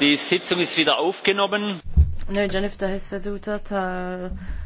Die Sitzung ist wieder aufgenommen. Nerġa' niftaħ is-seduta ta'